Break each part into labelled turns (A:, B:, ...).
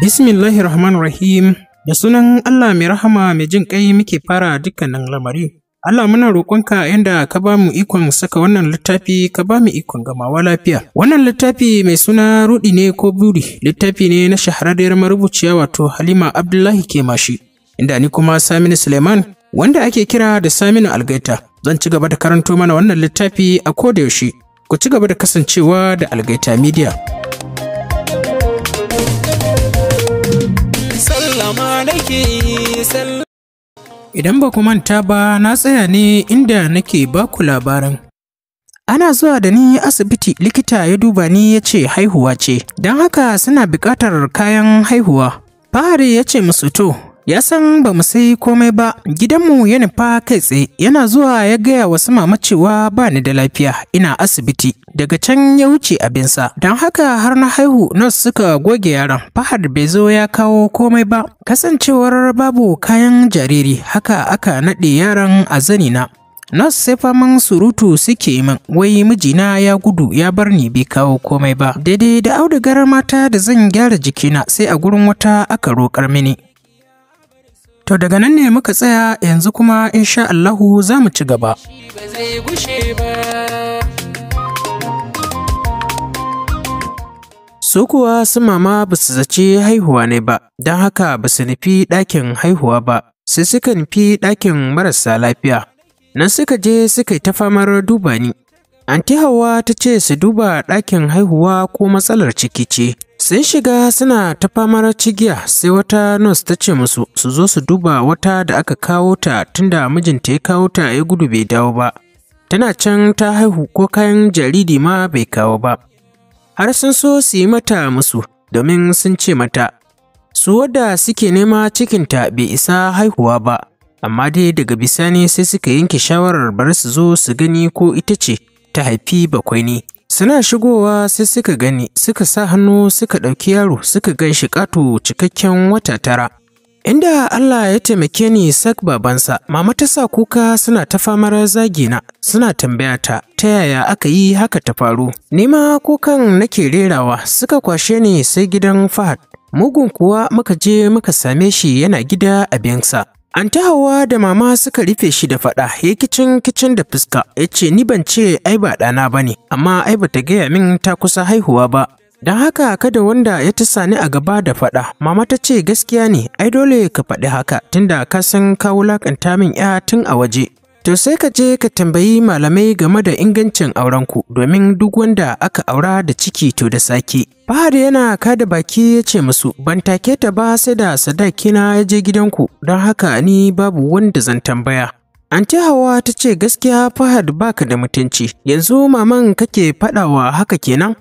A: Bismillahir Rahmanir Rahim da sunan Allah mai rahama mai jin ƙai muke fara dukkanin lamari. Allah muna roƙonka yadda ka ba mu ikon saka wannan littafi ka ba mu ikon gamawa lafiya. Wannan littafi mai suna rudi ne ko buri littafi ne na shahararriyar marubuciya wato Halima Abdullahi ke mashi Inda ni kuma Saminu Suleiman wanda ake kira da Saminu Algaita. Zan ci gaba da karanto mana wannan littafi a koda yaushe. Ku ci gaba da kasancewa da Algaita Media. nake Idan ba ku manta ba na tsaya ne inda nake ba ku labarin. Ana zuwa da ni asibiti likita ya duba ni ya ce haihuwa ce, don haka suna buƙatar kayan haihuwa. Fahari ya ce musu to, ya san ba mu sai komai ba, gidanmu ya nufa kai tsaye, yana zuwa ya gaya wasu mama cewa ba ni da lafiya, ina asibiti. daga can ya wuce abinsa don haka har na haihu nas suka goge yaran, fahad bai zo ya kawo komai ba kasancewar babu kayan jariri haka aka naɗe yaran a zanina nas sai faman surutu suke min wai mijina ya gudu ya bar ni bai kawo komai ba daidai da audugar mata da zan gyara jikina sai a gurin wata aka roƙar mini To daga nan ne muka tsaya yanzu kuma insha Allahu za mu ci gaba. Su kuwa su mama ba su zaci haihuwa ne ba, don haka ba su nufi ɗakin haihuwa ba, sai suka nufi ɗakin marasa lafiya. Nan suka je suka yi ta famar duba ni. Anti Hawa ta ce su duba ɗakin haihuwa ko matsalar ciki ce. Sun shiga suna ta famar cigiya sai wata nurse ta ce musu su zo su duba wata da aka kawo ta tunda mijinta ya kawo ta ya gudu bai dawo ba. Tana can ta haihu ko kayan jariri ma bai kawo ba. har sun so su yi mata musu domin sun ce mata, su wadda suke nema cikinta bai isa haihuwa ba, amma dai daga bisani sai suka yanke shawarar bar su zo su gani ko ita ce ta haifi bakwai ne. Suna shigowa sai suka gani suka sa hannu suka ɗauki yaro suka gan shi ƙato cikakken wata tara. Inda Allah ya taimake ni sak babansa, mama ta sa kuka suna ta famar zagina suna tambaya ta ta yaya aka yi haka ta faru. Nima kukan nake rerawa suka kwashe ni sai gidan Fahad. Mugun kuwa muka je muka same shi yana gida a biyansa. An ta hawa da mama suka rufe shi da faɗa ya kicin kicin da fuska ya ce ni ban ce ai ba ɗana ba ne amma ai ba ta gaya min ta kusa haihuwa ba Don haka kada wanda ya ta sani a gaba da faɗa, mama ta ce gaskiya ne, ai dole ka faɗi haka tunda ka san ka wulaƙanta min ya tun a waje. To sai ka je ka tambayi malamai game da ingancin aurenku domin duk wanda aka aura da ciki to da sake. Fahad yana kada baki ya ce musu ban take ta ba sai da sadakina ya je gidanku don haka ni babu wanda zan tambaya. Anti Hawa ta ce gaskiya Fahad baka da mutunci yanzu maman kake faɗawa haka kenan?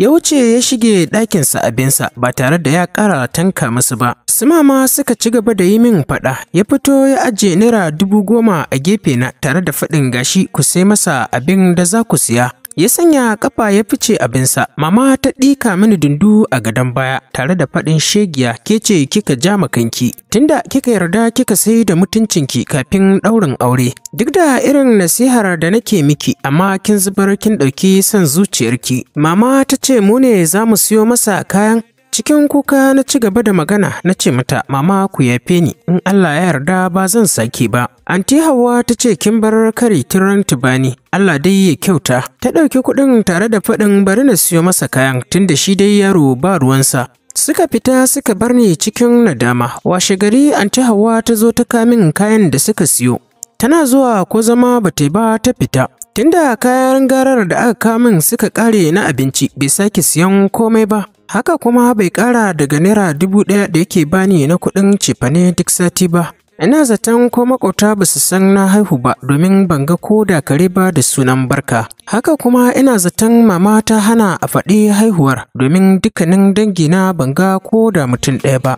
A: Ya wuce ya shige ɗakinsa abinsa ba tare da ya ƙara tanka musu ba. Su mama suka ci gaba da yi min faɗa. Ya fito ya ajiye naira dubu goma a gefe na tare da faɗin gashi ku sai masa abin da za ku siya. ya sanya kafa ya fice abinsa mama ta ɗika mini dundu a gadon baya tare da faɗin shegiya ke ce kika ja makanki tunda kika yarda kika sai da mutuncinki kafin ɗaurin aure duk da irin nasihar da nake miki amma kin zubar kin ɗauki son zuciyarki mama ta ce mu ne za mu siyo masa kayan Cikin kuka na ci gaba da magana na ce mata, Mama ku yafe ni, in Allah ya yarda ba zan sake ba. Anti Hauwa ta ce kin bar kari tiran tubani, Allah dai ya kyauta. Ta ɗauki kuɗin tare da faɗin bari na siyo masa kayan tunda shi dai yaro ba ruwansa. Suka fita suka bar ni cikin nadama, washe gari anti Hauwa ta zo ta kamin kayan da suka siyo. Tana zuwa ko zama ba ta ba ta fita. Tunda kayan garar da aka kamin suka ƙare na abinci bai sake siyan komai ba. Haka kuma bai ƙara daga naira dubu ɗaya da yake bani na kuɗin cefane duk sati ba. Ina zaton ko makota ba su san na haihu ba domin ban ga ko da kare ba da sunan barka. Haka kuma ina zaton mama ta hana a faɗi haihuwar domin dukkanin dangina ban ga ko da mutum ɗaya ba.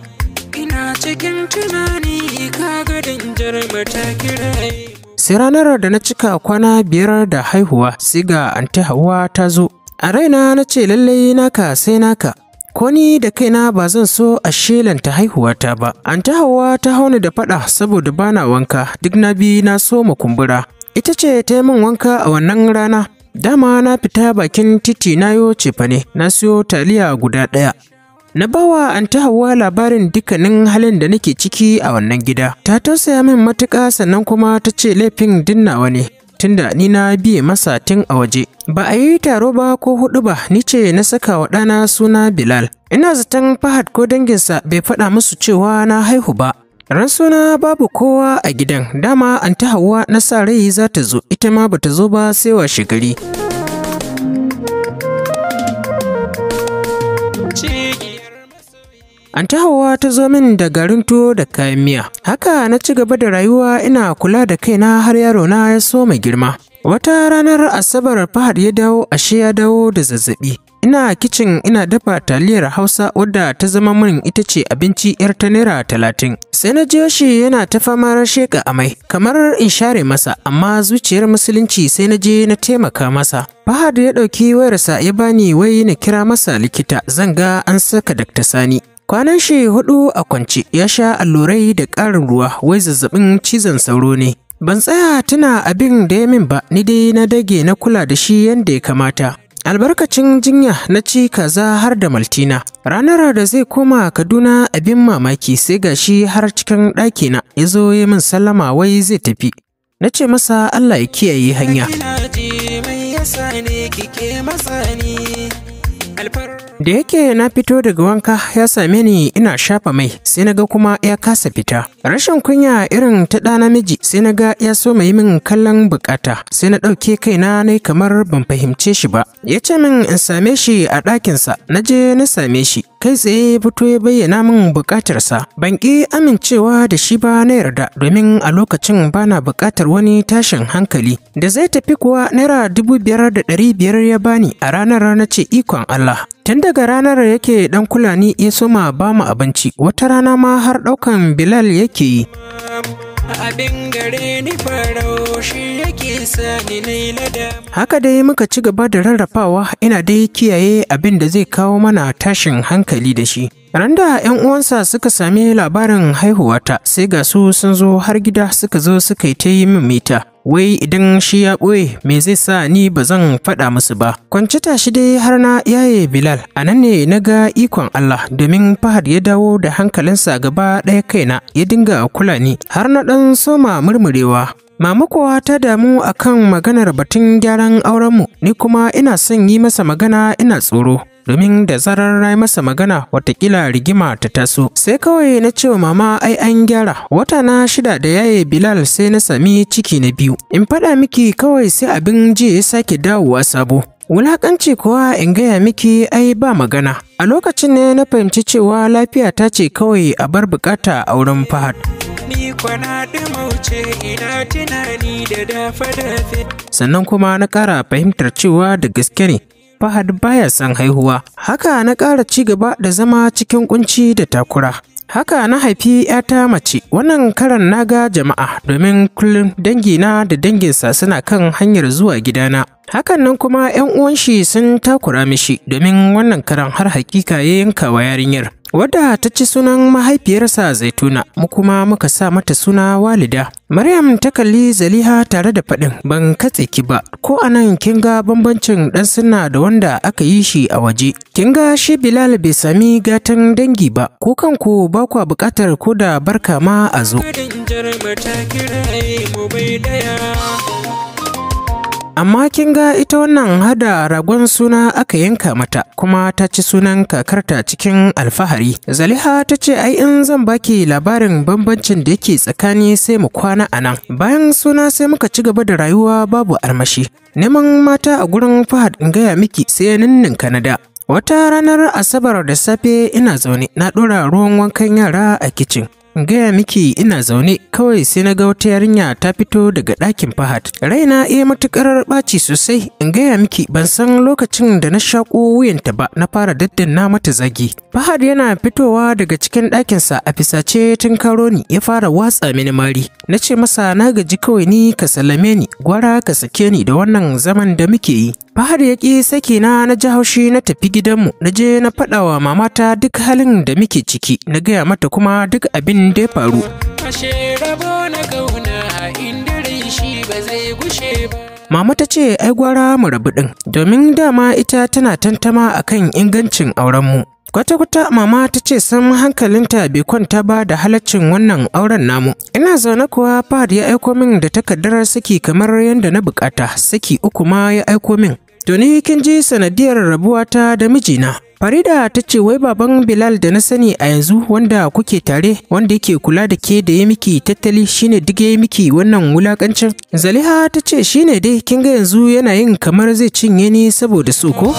A: Ina cikin tunani ka ga danjar Sai ranar da na cika kwana biyar da haihuwa sai ga anti Hauwa ta zo A raina na ce lallai naka sai naka Ko ni da kaina ba zan so a shelanta haihuwata ba, an ta hawa ta hauna da faɗa saboda bana wanka duk na bi na so kumbura. Ita ce ta yi min wanka a wannan rana, dama na fita bakin titi na yo cefa ne, na siyo taliya guda ɗaya. Na bawa an ta hawa labarin dukkanin halin da nake ciki a wannan gida. Ta tausaya min matuƙa sannan kuma ta ce laifin dinnawa ne, tunda ni na biye masa tun a waje. Ba a yi taro ba ko hudu ba, ni ce na saka wa ɗana suna Bilal. Ina zaton Fahad ko danginsa bai faɗa musu cewa na haihu ba. Ran suna babu kowa a gidan, dama an ta hawa na sa rai za ta zo, ita ma ba ta zo ba sai wa gari. An ta hawa ta zo min da garin tuwo da kayan miya. Haka na ci gaba da rayuwa ina kula da kaina har yaro na ya so mai girma. Wata ranar Asabar Fahad ya dawo ashe ya dawo da zazzabi. Ina kicin ina dafa taliyar Hausa wadda ta zama min ita ce abinci 'yar ta naira talatin. Sai na jiyo shi yana ta fama famar ga amai, kamar in share masa, amma zuciyar musulunci sai na je na taimaka masa. Fahad ya ɗauki wayarsa ya bani wai na kira masa likita, zan ga an saka Dakta Sani. Kwanan shi hudu a kwance ya sha allurai da ƙarin ruwa wai zazzabin cizon sauro ne. Ban tsaya tuna abin da ya min ba ni dai na dage na kula da shi yadda ya kamata. Albarkacin jinya na ci kaza har da maltina. Ranar da zai koma Kaduna abin mamaki sai ga shi har cikin ɗakina ya zo ya min sallama wai zai tafi. Na ce masa Allah ya kiyaye hanya. Alfar Da yake na fito daga wanka ya same ni ina shafa mai sai naga kuma ya kasa fita. Rashin kunya irin ta ɗa namiji sai na ga ya so mai min kallon bukata sai na ɗauke kaina na kamar ban fahimce shi ba. Ya ce min in same shi a ɗakinsa na je na same shi kai tsaye fito ya bayyana min bukatarsa ban ƙi amincewa da shi ba na yarda domin a lokacin bana bukatar wani tashin hankali da zai tafi kuwa naira dubu biyar da ɗari biyar ya bani a ranar na ce ikon Allah Tun daga ranar da yake ɗan Kulani ya soma ba mu abinci, wata rana ma har ɗaukan Bilal yake yi. Abin gare ni shi yake sani na Haka dai muka ci gaba da rarrafawa ina dai kiyaye abin da zai kawo mana tashin hankali da shi. Ran da ‘yan uwansa suka sami labarin haihuwata sai ga su sun zo har gida suka zo suka yi ta yi min mita. wai idan shi ya ɓoye me zai sa ni ba zan faɗa musu ba. Kwanci tashi dai har na yaye Bilal, a nan ne na ga ikon Allah domin Fahad ya dawo da hankalinsa gaba ɗaya kaina ya dinga kula ni har na ɗan soma murmurewa. Mama kuwa ta damu akan maganar batun gyaran aurenmu, ni kuma ina son yi masa magana ina tsoro. domin da zarar rai masa magana watakila rigima ta taso sai kawai na cewa mama ai an gyara wata na shida da yaye bilal sai na sami ciki na biyu in faɗa miki kawai sai abin ji ya sake dawowa sabo Wulaƙanci kuwa in gaya miki ai ba magana. A lokacin ne na fahimci cewa lafiya ta ce kawai a bar bukata a wurin Fahad. Ni kwana ina tunani da dafa Sannan kuma na ƙara fahimtar cewa da gaske ne Fahad baya son haihuwa. Haka na ƙara ci gaba da zama cikin kunci da takura. Haka na haifi ‘yata mace, wannan karan na ga jama'a domin kullum dangina da danginsa suna kan hanyar zuwa gidana. Hakan nan kuma ‘yan uwan shi sun takura mishi domin wannan karan har hakika ya yanka yarinyar. wadda ta ci sunan mahaifiyarsa zaituna mu kuma muka sa mata suna walida maryam ta kalli zaliha tare da faɗin ban katse ki ba ko a nan kin ga bambancin ɗan sunna da wanda aka yi shi a waje kin ga shi bilal bai sami gatan dangi ba ko kanku ba kwa buƙatar ko da barka ma a zo Amma kin ga ita wannan hada ragon suna aka yanka mata kuma ta ci sunan kakarta cikin alfahari. Zaliha ta ce ai in zan baki labarin bambancin da yake tsakani sai mu kwana a nan. Bayan suna sai muka ci gaba da rayuwa babu armashi. Neman mata a gurin Fahad in gaya miki sai ninnin Kanada. Wata ranar Asabar da safe ina zaune na ɗora ruwan wankan yara a kicin. Gaya miki ina zaune kawai sai na ga wata yarinya ta fito daga ɗakin Fahad. Raina iya eh, matuƙar ɓaci sosai. In gaya miki ban san lokacin da na shaƙo wuyanta ba na fara daddanna mata zagi. Fahad yana fitowa daga cikin ɗakinsa a fisace tun karo ni ya fara watsa mini mari. Na ce masa na gaji kawai ni ka sallame ni gwara ka sake ni da wannan zaman da muke yi. Bahar ya ƙi saki na na ji haushi na tafi gidanmu na je na faɗawa mamata duk halin da muke ciki na gaya mata kuma duk abin da ya faru. Mama ta ce ai gwara mu rabu ɗin domin dama ita tana tantama akan ingancin aurenmu Kwata-kwata mama ta ce san hankalinta bai kwanta ba da halaccin wannan auren namu. Ina zaune kuwa Fahad ya aiko min da takardar saki kamar yadda na bukata, saki uku ma ya aiko min. To ni kin ji sanadiyar rabuwa ta da mijina. Farida ta ce wai baban Bilal da na sani a yanzu wanda kuke tare wanda yake kula da ke da ya miki tattali shine duk ya miki wannan wulakancin. Zaliha ta ce shine dai kin ga yanzu yana yin kamar zai cinye ni saboda su ko?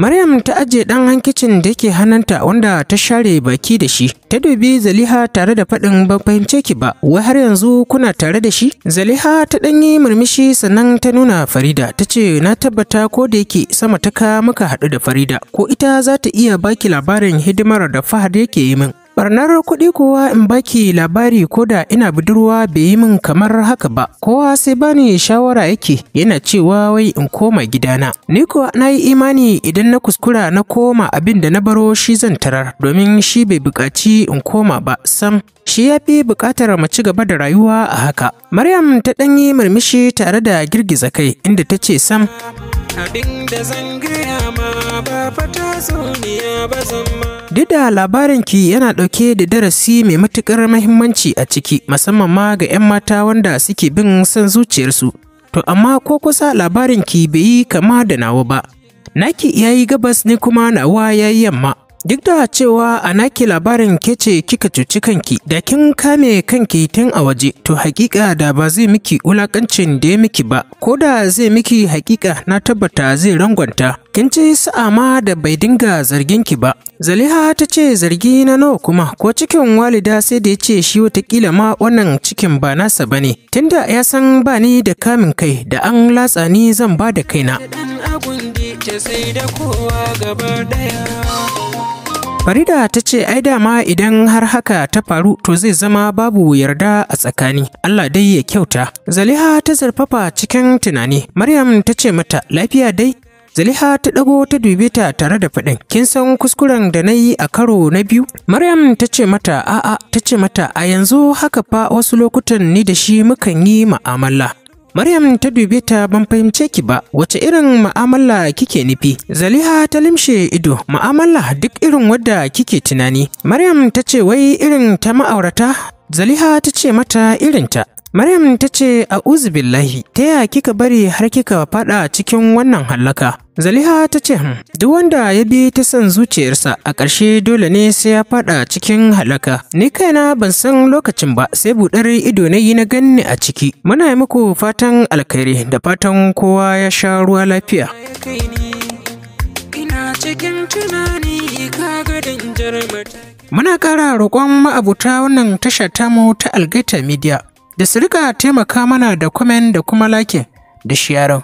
A: Maryam ta ajiye ɗan hankicin da ke hananta wanda ta share baki da shi. Ta dubi Zaliha tare da faɗin ban fahimce ki ba, wai har yanzu kuna tare da shi? Zaliha ta ɗan yi murmushi sannan ta nuna Farida ta ce na tabbata ko da yake sama ta ka muka haɗu da Farida ko ita za ta iya baki labarin hidimar da Fahad yake yi min. Barnar kuɗi kowa in baki labari ko da ina budurwa bai yi min kamar haka ba, kowa sai bani shawara yake yana cewa wai in koma gidana. Ni kuwa na yi imani idan na kuskura na koma abin da na baro shi zan tarar domin shi bai buƙaci in koma ba sam. Shi ya fi buƙatar mu ci gaba da rayuwa a haka. Maryam ta ɗan yi murmushi tare da girgiza kai inda ta ce sam. Abin da zan gaya ma ba fata ba zan ma. Duk da ki yana ɗauke da darasi mai matuƙar mahimmanci a ciki, musamman ma ga 'yan mata wanda suke bin son zuciyarsu. To amma ko kusa labarin ki bai yi kama da nawa ba. Naki ya gabas ne kuma nawa yayi yamma. Duk da cewa a naki labarin kece kika cuci kanki, da kin kame kanki tun a waje, to hakika da ba zai miki wulakancin da ya miki ba, ko da zai miki hakika na tabbata zai rangwanta. Kin ci sa'a ma da bai dinga zargin ki ba. Zaliha ta ce zargi na nawa kuma ko cikin walida sai da ya ce shi watakila ma wannan cikin ba nasa ba ne. Tunda ya san ba ni da kamin kai da an latsa ni zan ba da kaina. da kowa gaba Farida ta ce ai dama idan har haka ta faru to zai zama babu yarda a tsakani. Allah dai ya kyauta. Zaliha ta zarfafa cikin tunani. Maryam ta ce mata lafiya dai Zaliha ta ɗago ta dube ta tare da faɗin, kin san kuskuren da na yi a karo na biyu? Maryam ta ce mata a'a ta ce mata a yanzu haka fa wasu lokutan ni da shi mukan yi ma'amala. Maryam ta dube ta ban fahimce ki ba wace irin ma'amala kike nufi. Zaliha ta limshe ido ma'amala duk irin wadda kike tunani. Maryam ta ce wai irin ta ma'aurata Zaliha ta ce mata irinta. Maryam ta ce a uzbillahi ta ya kika bari har kika faɗa cikin wannan hallaka. Zaliha ta ce hmm, duk wanda ya bi ta san zuciyarsa a ƙarshe dole ne sai ya faɗa cikin halaka. Ni kaina ban san lokacin ba sai buɗar ido na yi na ganni a ciki. Muna yi muku fatan alkhairi da fatan kowa ya sha ruwa lafiya. Muna ƙara roƙon ma'abuta wannan tasha tamu ta Algaita Media da su rika taimaka mana da kwamen da kuma lakin da sharing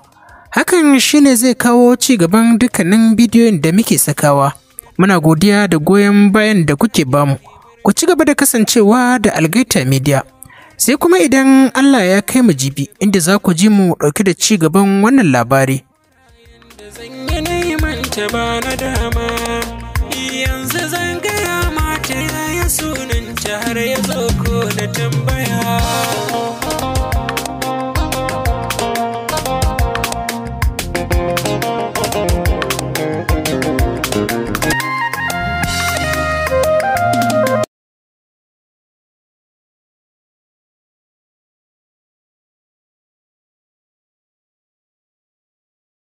A: hakan shine zai kawo ci gaban dukkanin bidiyon da muke sakawa muna godiya da goyon bayan da kuke bamu ku ci gaba da kasancewa da algaita media sai kuma idan allah ya kai mu jibi inda za ku ji mu ɗauke da ci gaban wannan labari yanzu zan gaya mata ya sunanta har ya zo ko da tambaya